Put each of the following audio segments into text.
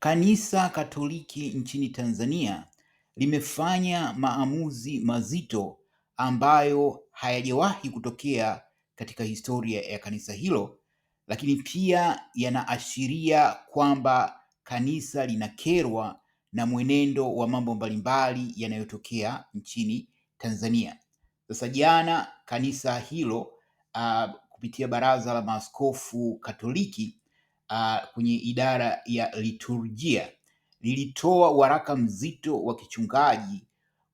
Kanisa Katoliki nchini Tanzania limefanya maamuzi mazito ambayo hayajawahi kutokea katika historia ya kanisa hilo, lakini pia yanaashiria kwamba kanisa linakerwa na mwenendo wa mambo mbalimbali yanayotokea nchini Tanzania. Sasa jana kanisa hilo uh, kupitia Baraza la Maaskofu Katoliki uh, kwenye idara ya liturgia lilitoa waraka mzito wa kichungaji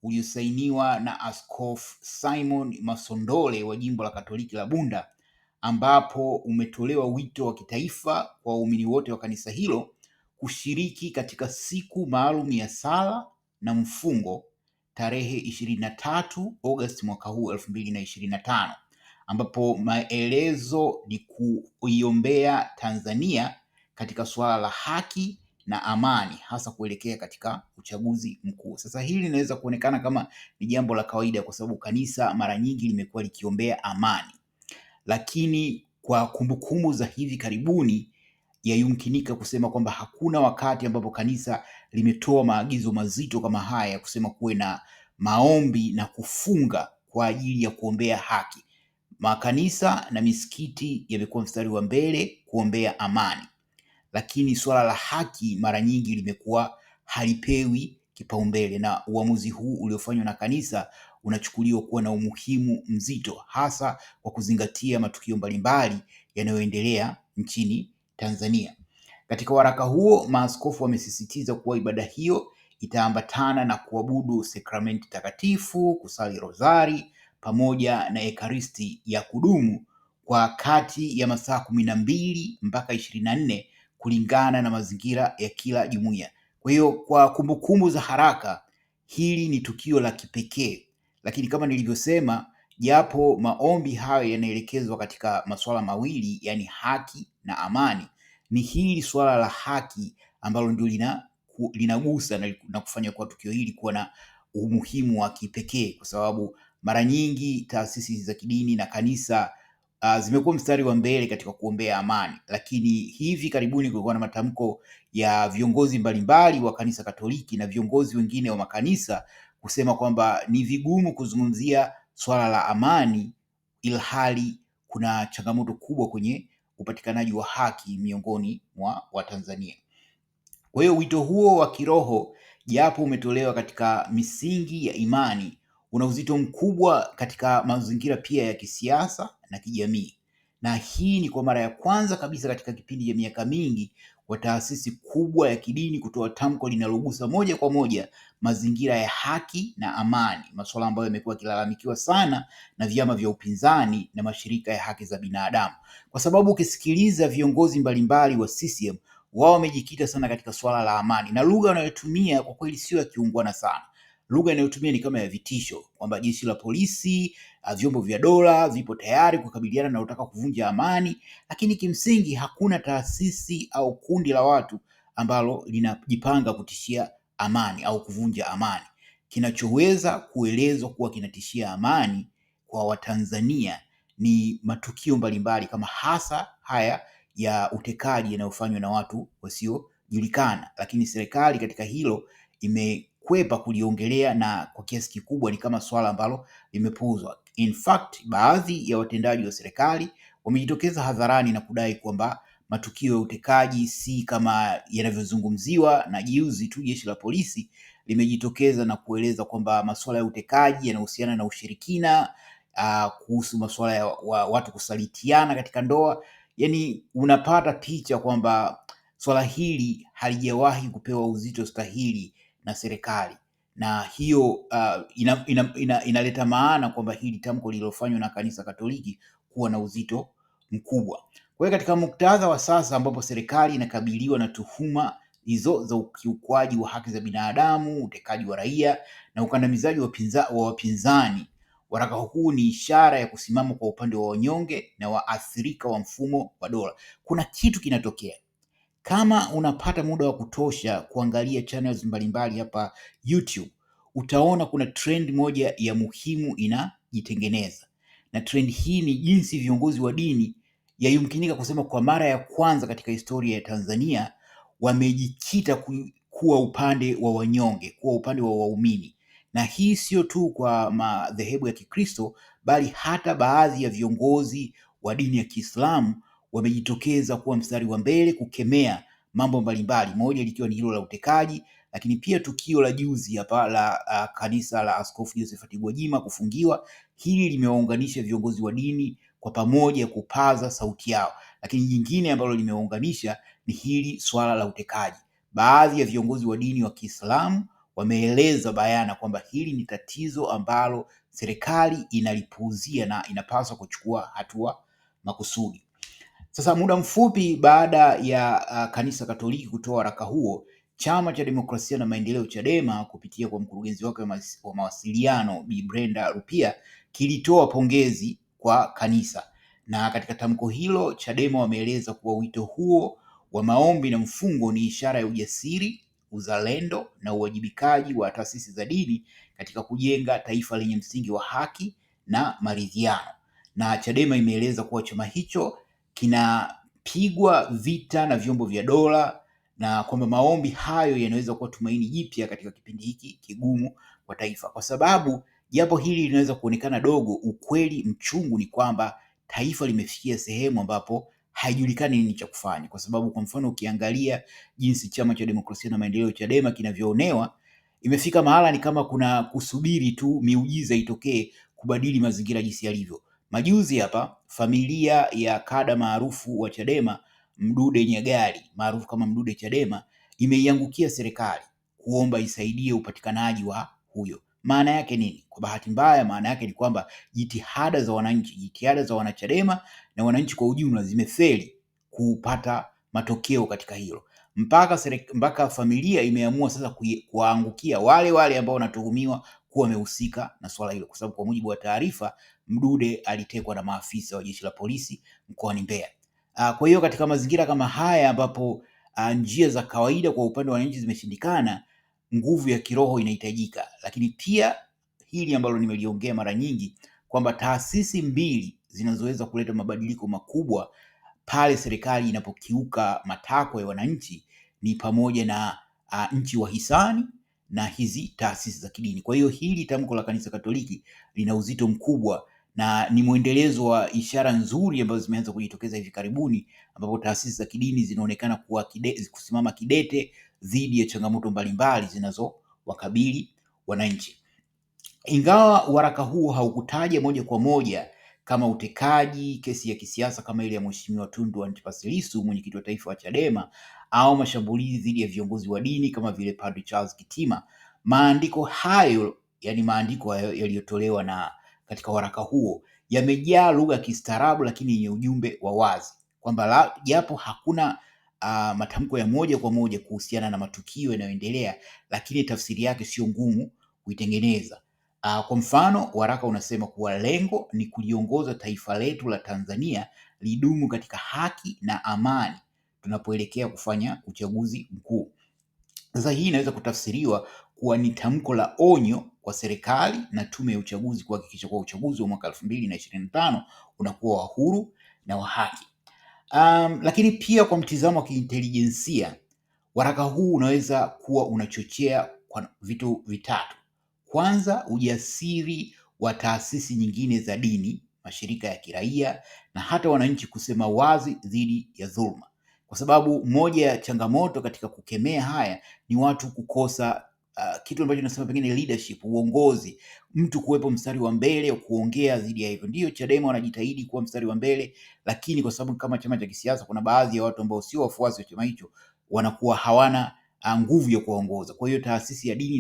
uliosainiwa na Askofu Simon Masondole wa jimbo la Katoliki la Bunda, ambapo umetolewa wito wa kitaifa kwa waumini wote wa kanisa hilo kushiriki katika siku maalum ya sala na mfungo tarehe ishirini na tatu Agosti mwaka huu elfu mbili na ishirini na tano ambapo maelezo ni kuiombea Tanzania katika suala la haki na amani hasa kuelekea katika uchaguzi mkuu. Sasa hili linaweza kuonekana kama ni jambo la kawaida kwa sababu kanisa mara nyingi limekuwa likiombea amani. Lakini kwa kumbukumbu za hivi karibuni yayumkinika kusema kwamba hakuna wakati ambapo kanisa limetoa maagizo mazito kama haya ya kusema kuwe na maombi na kufunga kwa ajili ya kuombea haki. Makanisa na misikiti yamekuwa mstari wa mbele kuombea amani, lakini suala la haki mara nyingi limekuwa halipewi kipaumbele, na uamuzi huu uliofanywa na kanisa unachukuliwa kuwa na umuhimu mzito, hasa kwa kuzingatia matukio mbalimbali yanayoendelea nchini Tanzania. Katika waraka huo, maaskofu wamesisitiza kuwa ibada hiyo itaambatana na kuabudu sakramenti takatifu, kusali rozari pamoja na ekaristi ya kudumu kwa kati ya masaa kumi na mbili mpaka ishirini na nne kulingana na mazingira ya kila jumuiya. Kwa hiyo kwa kumbukumbu za haraka, hili ni tukio la kipekee, lakini kama nilivyosema, japo maombi hayo yanaelekezwa katika masuala mawili, yaani haki na amani, ni hili suala la haki ambalo ndio lina linagusa na kufanya kwa tukio hili kuwa na umuhimu wa kipekee kwa sababu mara nyingi taasisi za kidini na kanisa uh, zimekuwa mstari wa mbele katika kuombea amani, lakini hivi karibuni kulikuwa na matamko ya viongozi mbalimbali wa kanisa Katoliki na viongozi wengine wa makanisa kusema kwamba ni vigumu kuzungumzia swala la amani ilhali kuna changamoto kubwa kwenye upatikanaji wa haki miongoni mwa Watanzania. Kwa hiyo wito huo wa kiroho japo umetolewa katika misingi ya imani una uzito mkubwa katika mazingira pia ya kisiasa na kijamii, na hii ni kwa mara ya kwanza kabisa katika kipindi cha miaka mingi kwa taasisi kubwa ya kidini kutoa tamko linalogusa moja kwa moja mazingira ya haki na amani, masuala ambayo yamekuwa yakilalamikiwa sana na vyama vya upinzani na mashirika ya haki za binadamu, kwa sababu ukisikiliza viongozi mbalimbali wa CCM wao wamejikita sana katika swala la amani na lugha wanayotumia kwa kweli sio ya kiungwana sana lugha inayotumia ni kama ya vitisho kwamba jeshi la polisi, ah, vyombo vya dola vipo tayari kukabiliana na utaka kuvunja amani, lakini kimsingi hakuna taasisi au kundi la watu ambalo linajipanga kutishia amani au kuvunja amani. Kinachoweza kuelezwa kuwa kinatishia amani kwa Watanzania ni matukio mbalimbali kama hasa haya ya utekaji yanayofanywa na watu wasiojulikana, lakini serikali katika hilo ime kukwepa kuliongelea na kwa kiasi kikubwa ni kama swala ambalo limepuuzwa. In fact, baadhi ya watendaji wa serikali wamejitokeza hadharani na kudai kwamba matukio ya utekaji si kama yanavyozungumziwa, na juzi tu jeshi la polisi limejitokeza na kueleza kwamba masuala ya utekaji yanahusiana na ushirikina, uh, kuhusu masuala ya wa, watu kusalitiana katika ndoa. Yaani unapata picha kwamba swala hili halijawahi kupewa uzito stahili na serikali na hiyo uh, inaleta ina, ina, ina maana kwamba hili tamko lililofanywa na kanisa Katoliki kuwa na uzito mkubwa. Kwa hiyo katika muktadha wa sasa ambapo serikali inakabiliwa na tuhuma hizo za ukiukwaji wa haki za binadamu, utekaji wa raia na ukandamizaji wa wapinzani, waraka huu ni ishara ya kusimama kwa upande wa wanyonge na waathirika wa mfumo wa dola. Kuna kitu kinatokea kama unapata muda wa kutosha kuangalia channels mbalimbali hapa YouTube, utaona kuna trend moja ya muhimu inajitengeneza, na trend hii ni jinsi viongozi wa dini yayumkinika kusema kwa mara ya kwanza katika historia ya Tanzania wamejikita kuwa upande wa wanyonge, kuwa upande wa waumini, na hii sio tu kwa madhehebu ya Kikristo bali hata baadhi ya viongozi wa dini ya Kiislamu wamejitokeza kuwa mstari wa mbele kukemea mambo mbalimbali, moja likiwa ni hilo la utekaji, lakini pia tukio la juzi hapa la uh, kanisa la Askofu Josephat Gwajima kufungiwa. Hili limewaunganisha viongozi wa dini kwa pamoja kupaza sauti yao, lakini jingine ambalo limewaunganisha ni hili swala la utekaji. Baadhi ya viongozi wa dini wa Kiislamu wameeleza bayana kwamba hili ni tatizo ambalo serikali inalipuuzia na inapaswa kuchukua hatua makusudi. Sasa muda mfupi baada ya uh, Kanisa Katoliki kutoa waraka huo, Chama cha Demokrasia na Maendeleo Chadema kupitia kwa mkurugenzi wake wa mawasiliano Bi Brenda Rupia kilitoa pongezi kwa kanisa, na katika tamko hilo Chadema wameeleza kuwa wito huo wa maombi na mfungo ni ishara ya ujasiri, uzalendo na uwajibikaji wa taasisi za dini katika kujenga taifa lenye msingi wa haki na maridhiano. Na Chadema imeeleza kuwa chama hicho kinapigwa vita na vyombo vya dola na kwamba maombi hayo yanaweza kuwa tumaini jipya katika kipindi hiki kigumu kwa taifa, kwa sababu japo hili linaweza kuonekana dogo, ukweli mchungu ni kwamba taifa limefikia sehemu ambapo haijulikani nini cha kufanya, kwa sababu kwa mfano ukiangalia jinsi chama cha demokrasia na maendeleo Chadema kinavyoonewa, imefika mahala ni kama kuna kusubiri tu miujiza itokee kubadili mazingira jinsi yalivyo. Majuzi hapa familia ya kada maarufu wa Chadema Mdude Nyagali maarufu kama Mdude Chadema imeiangukia serikali kuomba isaidie upatikanaji wa huyo. Maana yake nini? Kwa bahati mbaya, maana yake ni kwamba jitihada za wananchi, jitihada za wanachadema na wananchi kwa ujumla zimefeli kupata matokeo katika hilo, mpaka sere, mpaka familia imeamua sasa kuwaangukia wale wale ambao wanatuhumiwa kuwa wamehusika na swala hilo, kwa sababu kwa mujibu wa taarifa Mdude alitekwa na maafisa wa jeshi la polisi mkoani Mbeya. Ah, kwa hiyo katika mazingira kama haya ambapo ah, njia za kawaida kwa upande wa wananchi zimeshindikana, nguvu ya kiroho inahitajika. Lakini pia hili ambalo nimeliongea mara nyingi kwamba taasisi mbili zinazoweza kuleta mabadiliko makubwa pale serikali inapokiuka matakwa ya wananchi ni pamoja na a, ah, nchi hisani na hizi taasisi za kidini. Kwa hiyo hili tamko la Kanisa Katoliki lina uzito mkubwa na ni mwendelezo wa ishara nzuri ambazo zimeanza kujitokeza hivi karibuni, ambapo taasisi za kidini zinaonekana kuwa kide, kusimama kidete dhidi ya changamoto mbalimbali zinazowakabili wananchi. Ingawa waraka huo haukutaja moja kwa moja kama utekaji, kesi ya kisiasa kama ile ya Mheshimiwa Tundu Antipas Lissu, mwenyekiti wa taifa wa Chadema, au mashambulizi dhidi ya viongozi wa dini kama vile Padre Charles Kitima, maandiko hayo, yani maandiko yaliyotolewa na katika waraka huo yamejaa lugha ya kistaarabu lakini yenye ujumbe wa wazi kwamba japo hakuna uh, matamko ya moja kwa moja kuhusiana na matukio yanayoendelea, lakini tafsiri yake sio ngumu kuitengeneza. Uh, kwa mfano waraka unasema kuwa lengo ni kuliongoza taifa letu la Tanzania lidumu katika haki na amani tunapoelekea kufanya uchaguzi mkuu. Sasa hii inaweza kutafsiriwa kuwa ni tamko la onyo kwa serikali na Tume ya Uchaguzi kuhakikisha kuwa uchaguzi wa mwaka elfu mbili na ishirini na tano unakuwa wa huru na wa haki. Um, lakini pia kwa mtizamo wa kiintelijensia, waraka huu unaweza kuwa unachochea kwa vitu vitatu. Kwanza, ujasiri wa taasisi nyingine za dini, mashirika ya kiraia na hata wananchi kusema wazi dhidi ya dhulma, kwa sababu moja ya changamoto katika kukemea haya ni watu kukosa uh, kitu ambacho nasema pengine leadership, uongozi, mtu kuwepo mstari wa mbele kuongea dhidi ya hivyo. Ndio Chadema wanajitahidi kuwa mstari wa mbele, lakini kwa sababu kama chama cha kisiasa, kuna baadhi ya watu ambao sio wafuasi wa chama hicho wanakuwa hawana ah, nguvu ya kuongoza. Kwa hiyo taasisi ya dini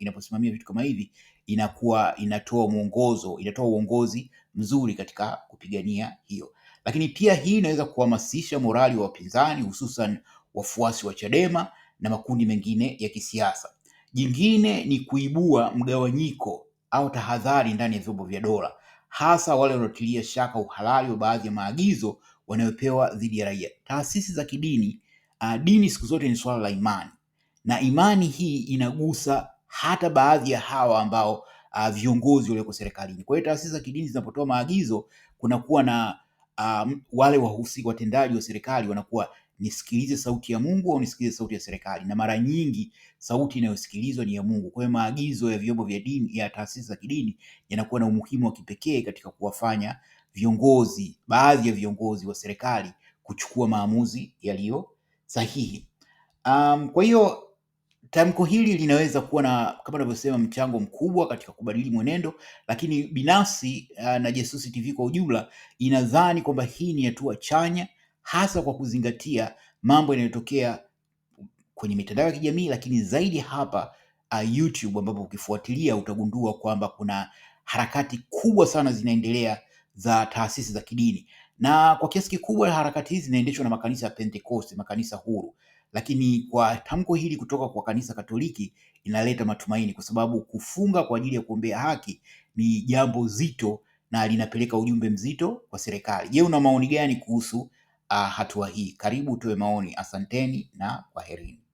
inaposimamia vitu kama hivi inakuwa inatoa mwongozo, inatoa uongozi mzuri katika kupigania hiyo. Lakini pia hii inaweza kuhamasisha morali wa wapinzani, hususan wafuasi wa Chadema na makundi mengine ya kisiasa. Jingine ni kuibua mgawanyiko au tahadhari ndani ya vyombo vya dola, hasa wale wanaotilia shaka uhalali wa baadhi ya maagizo wanayopewa dhidi ya raia. Taasisi za kidini, ah, dini siku zote ni suala la imani, na imani hii inagusa hata baadhi ya hawa ambao uh, viongozi walioko serikalini. Kwa hiyo taasisi za kidini zinapotoa maagizo, kunakuwa na um, wale wahusika watendaji wa serikali wanakuwa nisikilize sauti ya Mungu au nisikilize sauti ya serikali? Na mara nyingi sauti inayosikilizwa ni ya Mungu. Kwa hiyo maagizo ya vyombo vya dini, ya taasisi za kidini yanakuwa na umuhimu wa kipekee katika kuwafanya viongozi, baadhi ya viongozi wa serikali kuchukua maamuzi yaliyo sahihi. Um, kwa hiyo tamko hili linaweza kuwa na kama unavyosema mchango mkubwa katika kubadili mwenendo, lakini binafsi uh, na Jasusi TV kwa ujumla inadhani kwamba hii ni hatua chanya hasa kwa kuzingatia mambo yanayotokea kwenye mitandao ya kijamii, lakini zaidi hapa uh, YouTube ambapo ukifuatilia utagundua kwamba kuna harakati kubwa sana zinaendelea za taasisi za kidini, na kwa kiasi kikubwa harakati hizi zinaendeshwa na makanisa ya Pentecost, makanisa huru lakini kwa tamko hili kutoka kwa kanisa Katoliki inaleta matumaini, kwa sababu kufunga kwa ajili ya kuombea haki ni jambo zito na linapeleka ujumbe mzito kwa serikali. Je, una maoni gani kuhusu Ah, hatua hii. Karibu tuwe maoni. Asanteni na kwaherini.